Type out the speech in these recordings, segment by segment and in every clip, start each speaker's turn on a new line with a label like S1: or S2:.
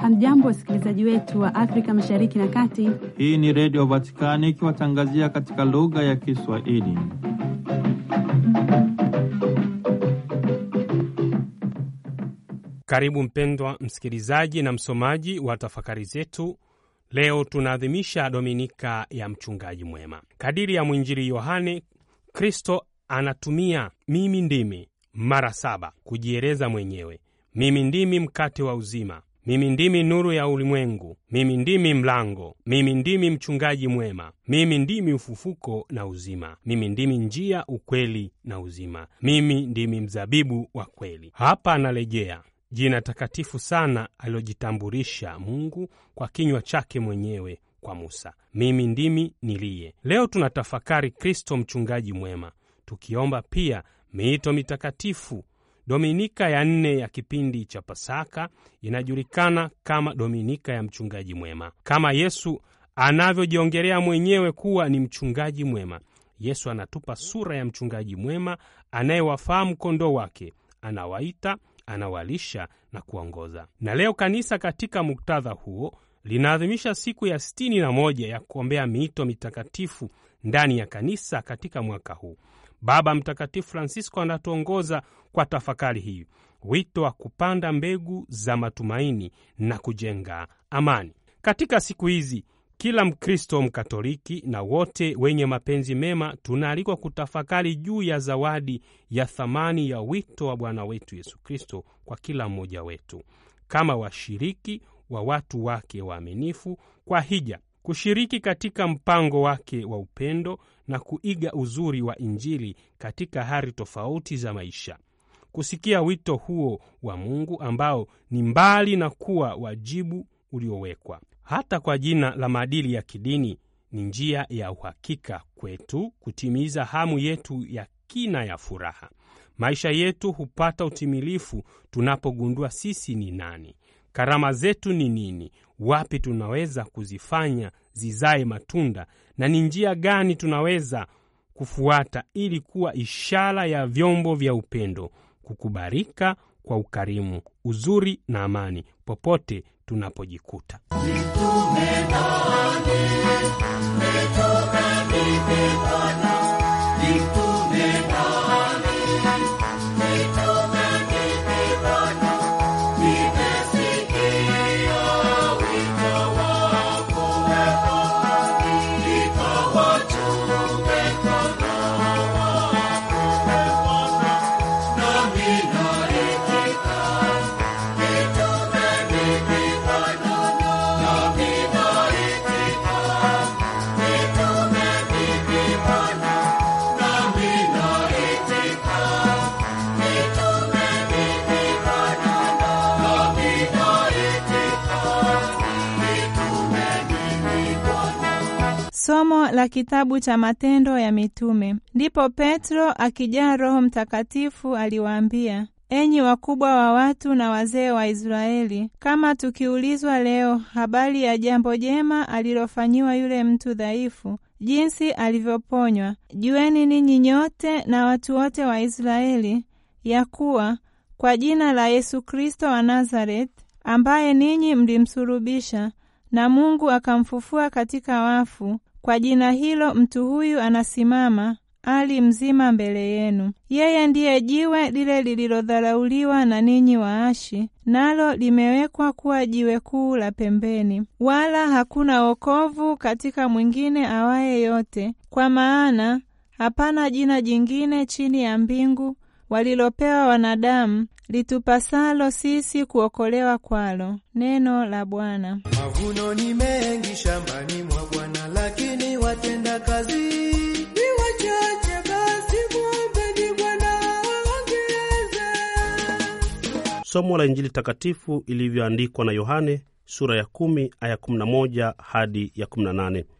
S1: Hamjambo, wasikilizaji wetu wa Afrika mashariki na kati.
S2: Hii ni Redio Vatikani ikiwatangazia katika lugha ya Kiswahili.
S3: Karibu mpendwa msikilizaji na msomaji wa tafakari zetu. Leo tunaadhimisha Dominika ya Mchungaji Mwema. Kadiri ya mwinjili Yohane, Kristo anatumia mimi ndimi mara saba kujieleza mwenyewe, mimi ndimi mkate wa uzima, mimi ndimi nuru ya ulimwengu, mimi ndimi mlango, mimi ndimi mchungaji mwema, mimi ndimi ufufuko na uzima, mimi ndimi njia, ukweli na uzima, mimi ndimi mzabibu wa kweli. Hapa analejea jina takatifu sana alilojitambulisha Mungu kwa kinywa chake mwenyewe kwa Musa, mimi ndimi niliye. Leo tunatafakari Kristo mchungaji mwema, tukiomba pia Miito mitakatifu. Dominika ya nne ya kipindi cha Pasaka inajulikana kama Dominika ya mchungaji mwema. Kama Yesu anavyojiongelea mwenyewe kuwa ni mchungaji mwema, Yesu anatupa sura ya mchungaji mwema anayewafahamu kondoo wake, anawaita, anawalisha na kuongoza. Na leo kanisa katika muktadha huo linaadhimisha siku ya sitini na moja ya kuombea miito mitakatifu ndani ya kanisa katika mwaka huu. Baba Mtakatifu Francisco anatuongoza kwa tafakari hii, wito wa kupanda mbegu za matumaini na kujenga amani katika siku hizi. Kila Mkristo Mkatoliki na wote wenye mapenzi mema tunaalikwa kutafakari juu ya zawadi ya thamani ya wito wa Bwana wetu Yesu Kristo kwa kila mmoja wetu kama washiriki wa watu wake waaminifu kwa hija kushiriki katika mpango wake wa upendo na kuiga uzuri wa Injili katika hali tofauti za maisha. Kusikia wito huo wa Mungu ambao ni mbali na kuwa wajibu uliowekwa hata kwa jina la maadili ya kidini, ni njia ya uhakika kwetu kutimiza hamu yetu ya kina ya furaha. Maisha yetu hupata utimilifu tunapogundua sisi ni nani. Karama zetu ni nini? Wapi tunaweza kuzifanya zizae matunda, na ni njia gani tunaweza kufuata ili kuwa ishara ya vyombo vya upendo, kukubarika kwa ukarimu, uzuri na amani popote tunapojikuta.
S1: la kitabu cha Matendo ya Mitume. Ndipo Petro akijaa Roho Mtakatifu aliwaambia, Enyi wakubwa wa watu na wazee wa Israeli, kama tukiulizwa leo habari ya jambo jema alilofanyiwa yule mtu dhaifu, jinsi alivyoponywa, jueni ninyi nyote na watu wote wa Israeli ya kuwa kwa jina la Yesu Kristo wa Nazareti, ambaye ninyi mlimsulubisha na Mungu akamfufua katika wafu, kwa jina hilo mtu huyu anasimama ali mzima mbele yenu. Yeye ndiye jiwe lile lililodharauliwa na ninyi waashi, nalo limewekwa kuwa jiwe kuu la pembeni. Wala hakuna wokovu katika mwingine awaye yote, kwa maana hapana jina jingine chini ya mbingu walilopewa wanadamu litupasalo sisi kuokolewa kwalo. Neno la Bwana.
S2: Mavuno ni mengi shambani mwa Bwana.
S4: somo la Injili takatifu ilivyoandikwa na Yohane sura ya aya hadi ya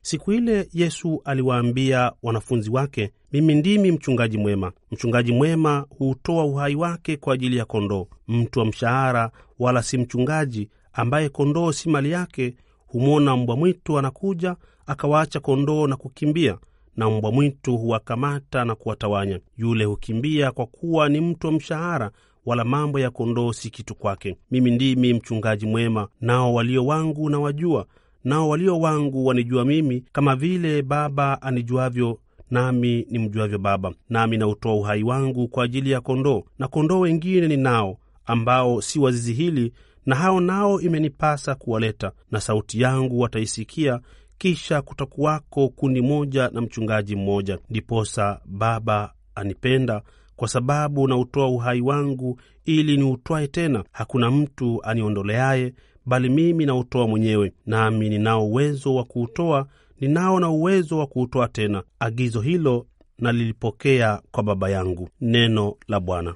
S4: Siku ile Yesu aliwaambia wanafunzi wake, mimi ndimi mchungaji mwema. Mchungaji mwema huutoa uhai wake kwa ajili ya kondoo. Mtu wa mshahara wala si mchungaji, ambaye kondoo si mali yake, humwona mbwa mwitu anakuja, akawaacha kondoo na kukimbia, na mbwa mwitu huwakamata na kuwatawanya. Yule hukimbia kwa kuwa ni mtu wa mshahara, wala mambo ya kondoo si kitu kwake. Mimi ndimi mchungaji mwema, nao walio wangu na wajua, nao walio wangu wanijua mimi, kama vile Baba anijuavyo nami nimjuavyo Baba, nami nautoa uhai wangu kwa ajili ya kondoo. Na kondoo wengine ni nao ambao si wazizi hili, na hao nao imenipasa kuwaleta, na sauti yangu wataisikia. Kisha kutakuwako kundi moja na mchungaji mmoja. Ndiposa Baba anipenda kwa sababu unautoa uhai wangu ili niutwae tena. Hakuna mtu aniondoleaye, bali mimi nautoa mwenyewe, nami ninao uwezo wa kuutoa, ninao na uwezo wa kuutoa tena. Agizo hilo nalilipokea kwa Baba yangu. Neno la Bwana.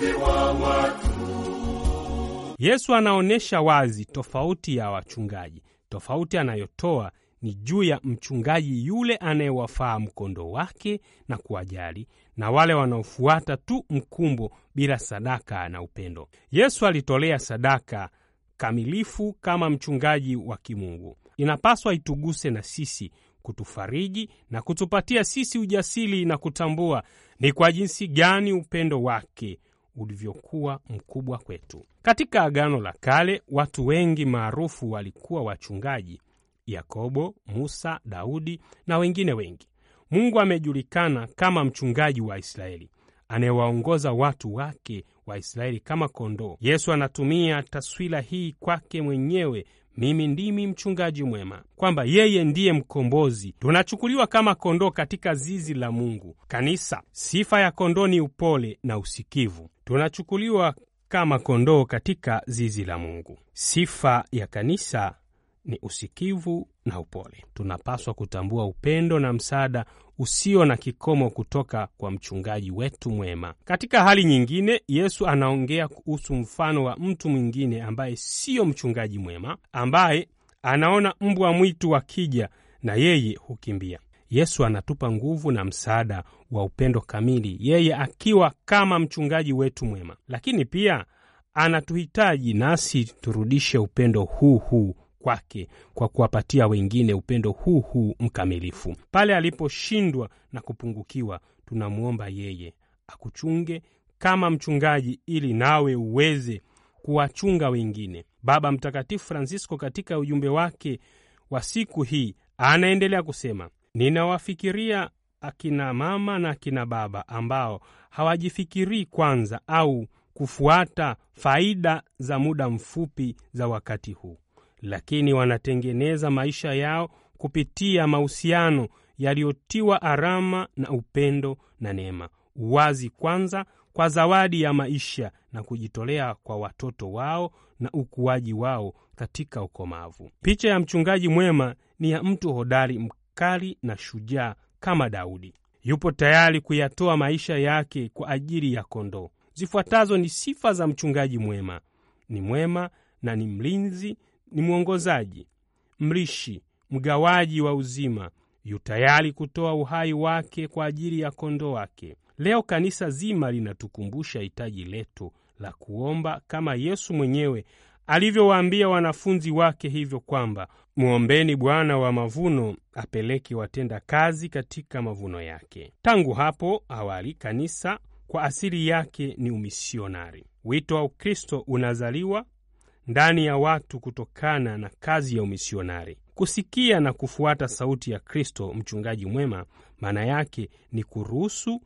S2: ugomvi wa watu.
S3: Yesu anaonyesha wazi tofauti ya wachungaji. Tofauti anayotoa ni juu ya mchungaji yule anayewafaa mkondo wake na kuwajali, na wale wanaofuata tu mkumbo bila sadaka na upendo. Yesu alitolea sadaka kamilifu kama mchungaji wa kimungu. Inapaswa ituguse na sisi kutufariji na kutupatia sisi ujasiri na kutambua ni kwa jinsi gani upendo wake ulivyokuwa mkubwa kwetu. Katika Agano la Kale, watu wengi maarufu walikuwa wachungaji: Yakobo, Musa, Daudi na wengine wengi. Mungu amejulikana kama mchungaji wa Israeli anayewaongoza watu wake waisraeli kama kondoo. Yesu anatumia taswira hii kwake mwenyewe mimi ndimi mchungaji mwema, kwamba yeye ndiye mkombozi. Tunachukuliwa kama kondoo katika zizi la Mungu kanisa. Sifa ya kondoo ni upole na usikivu. Tunachukuliwa kama kondoo katika zizi la Mungu. Sifa ya kanisa ni usikivu na upole. Tunapaswa kutambua upendo na msaada usio na kikomo kutoka kwa mchungaji wetu mwema. Katika hali nyingine, Yesu anaongea kuhusu mfano wa mtu mwingine ambaye siyo mchungaji mwema, ambaye anaona mbwa mwitu wakija na yeye hukimbia. Yesu anatupa nguvu na msaada wa upendo kamili, yeye akiwa kama mchungaji wetu mwema, lakini pia anatuhitaji nasi turudishe upendo huu huu kwake kwa kuwapatia wengine upendo huu huu mkamilifu. Pale aliposhindwa na kupungukiwa, tunamwomba yeye akuchunge kama mchungaji, ili nawe uweze kuwachunga wengine. Baba Mtakatifu Francisco katika ujumbe wake wa siku hii anaendelea kusema, ninawafikiria akina mama na akina baba ambao hawajifikirii kwanza au kufuata faida za muda mfupi za wakati huu lakini wanatengeneza maisha yao kupitia mahusiano yaliyotiwa alama na upendo na neema, uwazi kwanza kwa zawadi ya maisha na kujitolea kwa watoto wao na ukuaji wao katika ukomavu. Picha ya mchungaji mwema ni ya mtu hodari, mkali na shujaa kama Daudi. Yupo tayari kuyatoa maisha yake kwa ajili ya kondoo. Zifuatazo ni sifa za mchungaji mwema: ni mwema na ni mlinzi ni mwongozaji, mlishi, mgawaji wa uzima, yu tayari kutoa uhai wake kwa ajili ya kondoo wake. Leo kanisa zima linatukumbusha hitaji letu la kuomba kama Yesu mwenyewe alivyowaambia wanafunzi wake hivyo kwamba mwombeni Bwana wa mavuno apeleke watenda kazi katika mavuno yake. Tangu hapo awali, kanisa kwa asili yake ni umisionari. Wito wa Ukristo unazaliwa ndani ya watu kutokana na kazi ya umisionari. Kusikia na kufuata sauti ya Kristo, mchungaji mwema, maana yake ni kuruhusu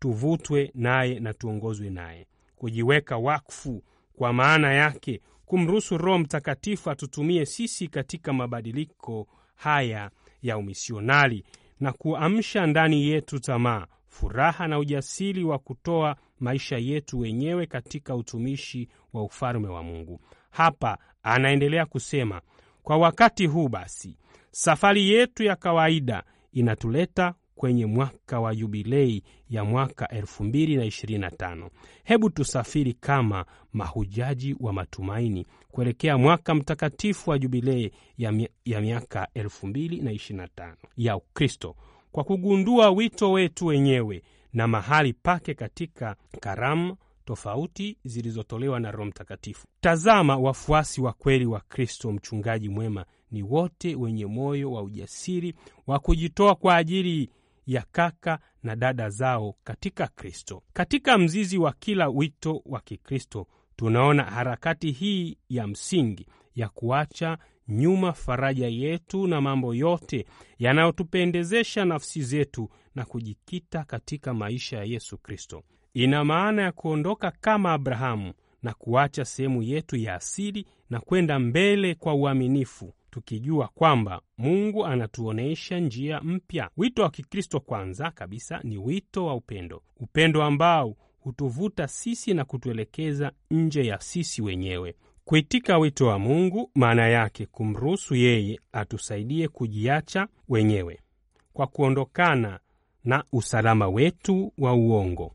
S3: tuvutwe naye na tuongozwe naye, kujiweka wakfu, kwa maana yake kumruhusu Roho Mtakatifu atutumie sisi katika mabadiliko haya ya umisionari na kuamsha ndani yetu tamaa, furaha na ujasiri wa kutoa maisha yetu wenyewe katika utumishi wa ufalme wa Mungu. Hapa anaendelea kusema, kwa wakati huu basi, safari yetu ya kawaida inatuleta kwenye mwaka wa yubilei ya mwaka 2025. Hebu tusafiri kama mahujaji wa matumaini kuelekea mwaka mtakatifu wa yubilei ya, mi, ya miaka 2025 ya Ukristo kwa kugundua wito wetu wenyewe na mahali pake katika karamu tofauti zilizotolewa na Roho Mtakatifu. Tazama, wafuasi wa kweli wa Kristo mchungaji mwema ni wote wenye moyo wa ujasiri wa kujitoa kwa ajili ya kaka na dada zao katika Kristo. Katika mzizi wa kila wito wa Kikristo tunaona harakati hii ya msingi ya kuacha nyuma faraja yetu na mambo yote yanayotupendezesha nafsi zetu na kujikita katika maisha ya Yesu Kristo ina maana ya kuondoka kama Abrahamu na kuacha sehemu yetu ya asili na kwenda mbele kwa uaminifu, tukijua kwamba Mungu anatuonesha njia mpya. Wito wa Kikristo kwanza kabisa ni wito wa upendo, upendo ambao hutuvuta sisi na kutuelekeza nje ya sisi wenyewe. Kuitika wito wa Mungu maana yake kumruhusu yeye atusaidie kujiacha wenyewe kwa kuondokana na usalama wetu wa uongo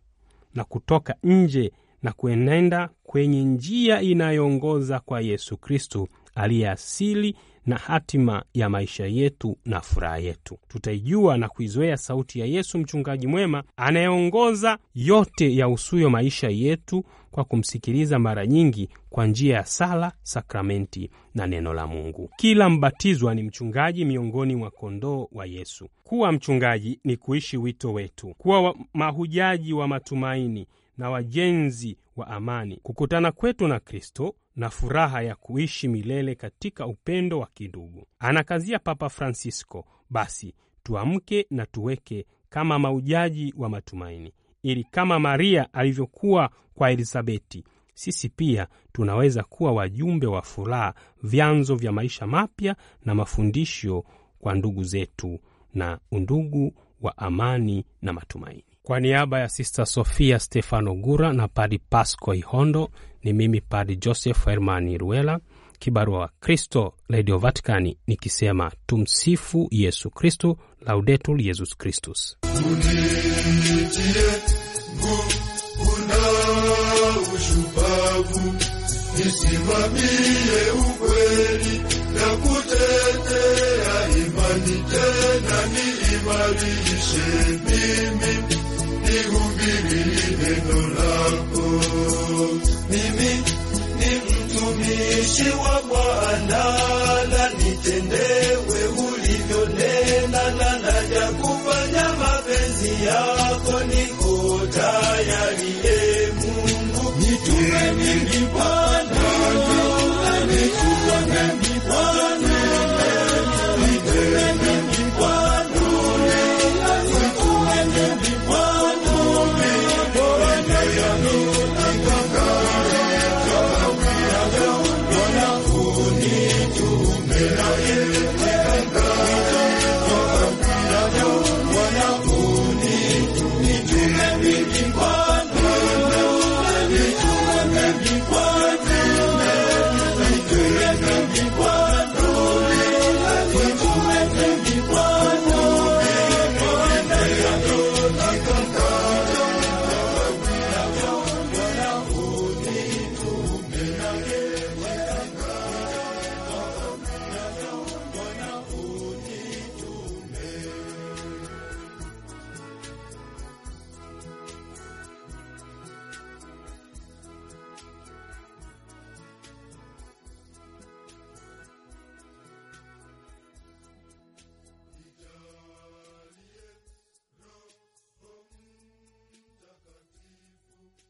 S3: na kutoka nje na kuenenda kwenye njia inayoongoza kwa Yesu Kristo aliye asili na hatima ya maisha yetu na furaha yetu. Tutaijua na kuizoea sauti ya Yesu mchungaji mwema anayeongoza yote usuyo maisha yetu kwa kumsikiliza mara nyingi kwa njia ya sala, sakramenti na neno la Mungu. Kila mbatizwa ni mchungaji miongoni mwa kondoo wa Yesu. Kuwa mchungaji ni kuishi wito wetu, kuwa wa mahujaji wa matumaini na wajenzi wa amani. Kukutana kwetu na Kristo na furaha ya kuishi milele katika upendo wa kindugu. Anakazia Papa Francisco, basi tuamke na tuweke kama maujaji wa matumaini, ili kama Maria alivyokuwa kwa Elisabeti, sisi pia tunaweza kuwa wajumbe wa furaha, vyanzo vya maisha mapya na mafundisho kwa ndugu zetu na undugu wa amani na matumaini. Kwa niaba ya Sista Sofia Stefano Gura na Padi Pasco Ihondo, ni mimi Padi Joseph Hermani Ruela, kibarua wa Kristo Redio Vatikani, nikisema tumsifu Yesu Kristu, laudetul Yesus Kristus.
S2: nisimamie ukweli na kutetea imani, tena niimarishe mimi mtumishi wa Bwana na nitendewe ulivyonena, na naja mapenzi yako ni